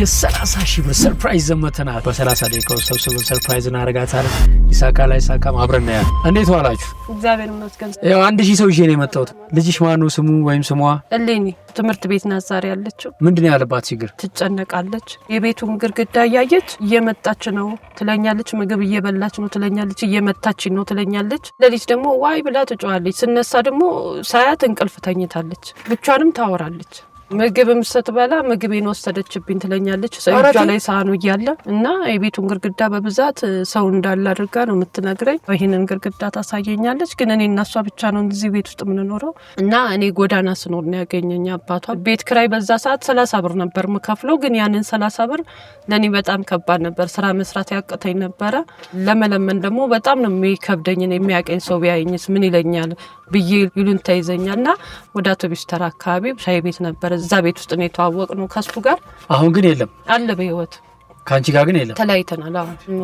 የሰላሳ ሺህ ብር ሰርፕራይዝ ዘመተናል በሰላሳ ደቂቃ ውስጥ ሰብስበን ሰርፕራይዝ እናደርጋታለን። ይሳካ ላይ ሳካ አብረን ያለ። እንዴት ዋላችሁ? እግዚአብሔር ይመስገን። አንድ ሺህ ሰው ይዤ ነው የመጣሁት። ልጅሽ ማነው ስሙ ወይም ስሟ? እሌኒ ትምህርት ቤት ናት ዛሬ ያለችው። ምንድን ያለባት ችግር? ትጨነቃለች። የቤቱን ግድግዳ እያየች እየመጣች ነው ትለኛለች። ምግብ እየበላች ነው ትለኛለች። እየመታች ነው ትለኛለች። ለሊት ደግሞ ዋይ ብላ ትጮዋለች። ስነሳ ደግሞ ሳያት እንቅልፍ ተኝታለች። ብቻንም ታወራለች። ምግብም ስትበላ ምግቤን ወሰደችብኝ ትለኛለች እጇ ላይ ሳህኑ እያለ እና የቤቱን ግድግዳ በብዛት ሰው እንዳለ አድርጋ ነው የምትነግረኝ። ይህንን ግድግዳ ታሳየኛለች። ግን እኔ እናሷ ብቻ ነው እዚህ ቤት ውስጥ የምንኖረው እና እኔ ጎዳና ስኖር ነው ያገኘኝ አባቷ። ቤት ክራይ በዛ ሰዓት ሰላሳ ብር ነበር የምከፍለው። ግን ያንን ሰላሳ ብር ለእኔ በጣም ከባድ ነበር። ስራ መስራት ያቅተኝ ነበረ። ለመለመን ደግሞ በጣም ነው የሚከብደኝን። የሚያቀኝ ሰው ቢያይኝስ ምን ይለኛል ብዬ ይሉንታ ይዘኛል እና ወደ አውቶቢስ ተራ አካባቢ ሻይ ቤት ነበር እዛ ቤት ውስጥ ነው የተዋወቅ ነው ከሱ ጋር። አሁን ግን የለም አለ በህይወት ከአንቺ ጋር ግን የለም። ተለያይተናል።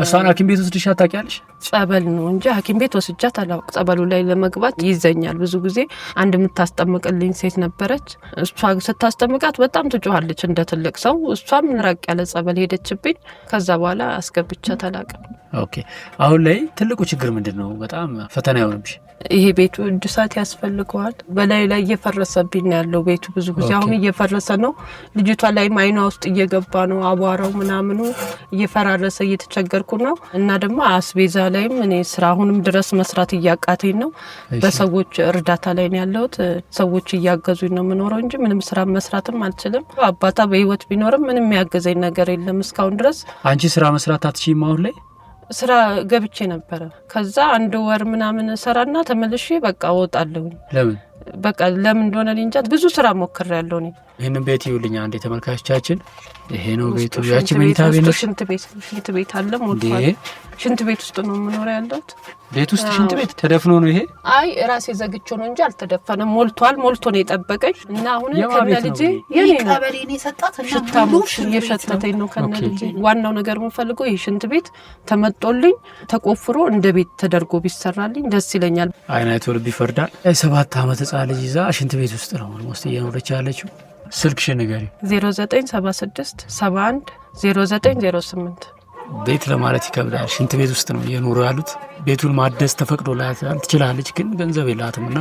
እሷን ሐኪም ቤት ወስድሻት ታውቂያለሽ? ጸበል ነው እንጂ ሐኪም ቤት ወስጃት አላውቅ። ጸበሉ ላይ ለመግባት ይዘኛል ብዙ ጊዜ። አንድ የምታስጠምቅልኝ ሴት ነበረች። እሷ ስታስጠምቃት በጣም ትጮኋለች እንደ ትልቅ ሰው። እሷም ራቅ ያለ ጸበል ሄደችብኝ። ከዛ በኋላ አስገብቻት አላውቅም። ኦኬ አሁን ላይ ትልቁ ችግር ምንድን ነው? በጣም ፈተና የሆነብሽ ይሄ ቤቱ እድሳት ያስፈልገዋል። በላዩ ላይ እየፈረሰብኝ ያለው ቤቱ ብዙ ጊዜ አሁን እየፈረሰ ነው። ልጅቷ ላይም አይኗ ውስጥ እየገባ ነው አቧራው ምናምኑ እየፈራረሰ እየተቸገርኩ ነው። እና ደግሞ አስቤዛ ላይም እኔ ስራ አሁንም ድረስ መስራት እያቃተኝ ነው። በሰዎች እርዳታ ላይ ነው ያለሁት። ሰዎች እያገዙኝ ነው የምኖረው እንጂ ምንም ስራ መስራትም አልችልም። አባታ በህይወት ቢኖርም ምንም ያገዘኝ ነገር የለም እስካሁን ድረስ። አንቺ ስራ መስራት አትችይም አሁን ላይ ስራ ገብቼ ነበረ። ከዛ አንድ ወር ምናምን ሰራና ተመልሼ በቃ እወጣለሁ። ለምን በቃ ለምን እንደሆነ እንጃ ብዙ ስራ ሞክሬያለሁ እኔ ይህንን ቤት ይውልኛ አንዴ ተመልካቾቻችን፣ ይሄ ነው ቤቱ። ያቺ መኝታ ቤት ነው። ሽንት ቤት ሽንት ቤት አለ። ሽንት ቤት ውስጥ ነው የምኖረው ያለሁት። ቤት ውስጥ ሽንት ቤት ተደፍኖ ነው ይሄ። አይ ራሴ ዘግቼው ነው እንጂ አልተደፈነም። ሞልቷል። ሞልቶ ነው የጠበቀኝ እና አሁን ከነ ልጄ ሽታሙ ነው ከነ ልጄ። ዋናው ነገር የምፈልገው ይህ ሽንት ቤት ተመጦልኝ ተቆፍሮ እንደ ቤት ተደርጎ ቢሰራልኝ ደስ ይለኛል። አይናይቶ ልብ ይፈርዳል። ሰባት ዓመት ህፃን ልጅ ይዛ ሽንት ቤት ውስጥ ነው ስ እየኖረች ያለችው ስልክሽ ንገሪ 0976 ቤት ለማለት ይከብዳል። ሽንት ቤት ውስጥ ነው እየኖሩ ያሉት። ቤቱን ማደስ ተፈቅዶላታል፣ ትችላለች፣ ግን ገንዘብ የላትም እና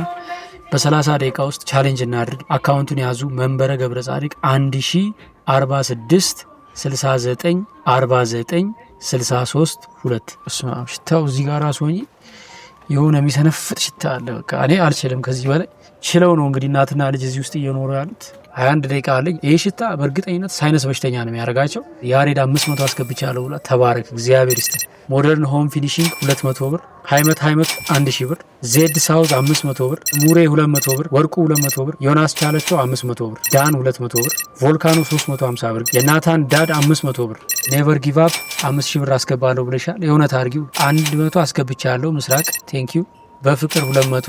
በሰላሳ ደቂቃ ውስጥ ቻሌንጅ እናድርግ። አካውንቱን የያዙ መንበረ ገብረ ጻድቅ 1046 69 49 63 ሁለት ሽታው እዚህ ጋር ራሱ ሆኜ የሆነ የሚሰነፍጥ ሽታ አለ። በቃ እኔ አልችልም ከዚህ በላይ ችለው ነው እንግዲህ እናትና ልጅ እዚህ ውስጥ እየኖሩ ያሉት። አንድ ደቂቃ አለኝ። ይህ ሽታ በእርግጠኝነት ሳይነስ በሽተኛ ነው የሚያደርጋቸው። ያሬድ 500 አስገብቻለሁ ብላ ተባረክ፣ እግዚአብሔር ይስጥ። ሞደርን ሆም ፊኒሽንግ መቶ ብር፣ ሃይመት ሃይመት ሺህ ብር፣ ዜድ ሳውዝ መቶ ብር፣ ሙሬ መቶ ብር፣ ወርቁ መቶ ብር፣ ዮናስ ቻለቸው መቶ ብር፣ ዳን መቶ ብር፣ ቮልካኖ 350 ብር፣ የናታን ዳድ መቶ ብር፣ ኔቨር ጊቭ አፕ ሺህ ብር አስገባለሁ ብለሻል፣ የእውነት አድርጊው። 100 አስገብቻለሁ፣ ምስራቅ ቴንኪዩ። በፍቅር መቶ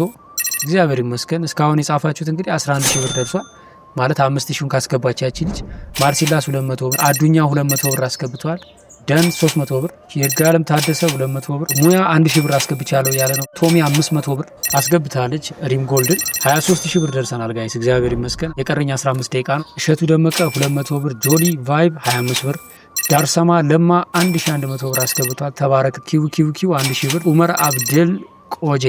እግዚአብሔር ይመስገን እስካሁን የጻፋችሁት እንግዲህ 11 ሺህ ብር ደርሷል። ማለት አምስት ሺውን ካስገባች ያቺ ልጅ ማርሲላስ 200 ብር፣ አዱኛ 200 ብር አስገብተዋል። ደን 300 ብር፣ የጋለም ታደሰ 200 ብር፣ ሙያ ሺህ ብር አስገብቻለሁ ያለ ነው። ቶሚ 500 ብር አስገብታለች። ሪም ጎልድን ሺህ ብር ደርሰናል ጋይስ፣ እግዚአብሔር ይመስገን። የቀረኝ 15 ደቂቃ ነው። እሸቱ ደመቀ 200 ብር፣ ጆሊ ቫይብ 25 ብር ዳርሰማ ለማ 1100 ብር አስገብቷል። ተባረክ ኪው ኪው ኪው 1000 ብር፣ ኡመር አብደል ቆጄ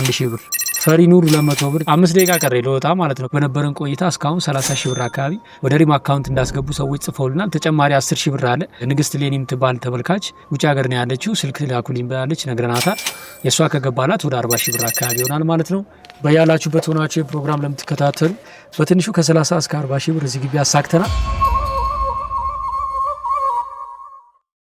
1000 ብር ፈሪ ፈሪኑር ለመቶ ብር አምስት ደቂቃ ቀረ ለወጣ ማለት ነው። በነበረን ቆይታ እስካሁን 30 ሺህ ብር አካባቢ ወደ ሪም አካውንት እንዳስገቡ ሰዎች ጽፈውልናል። ተጨማሪ 10 ሺህ ብር አለ። ንግስት ሌኒ የምትባል ተመልካች ውጭ ሀገር ነው ያለችው። ስልክ ላኩልኝ ብላለች፣ ነግረናታል። የእሷ ከገባላት ወደ 40 ሺህ ብር አካባቢ ይሆናል ማለት ነው። በያላችሁበት ሆናችሁ የፕሮግራም ለምትከታተሉ በትንሹ ከ30 እስከ 40 ሺህ ብር እዚህ ግቢ አሳክተናል።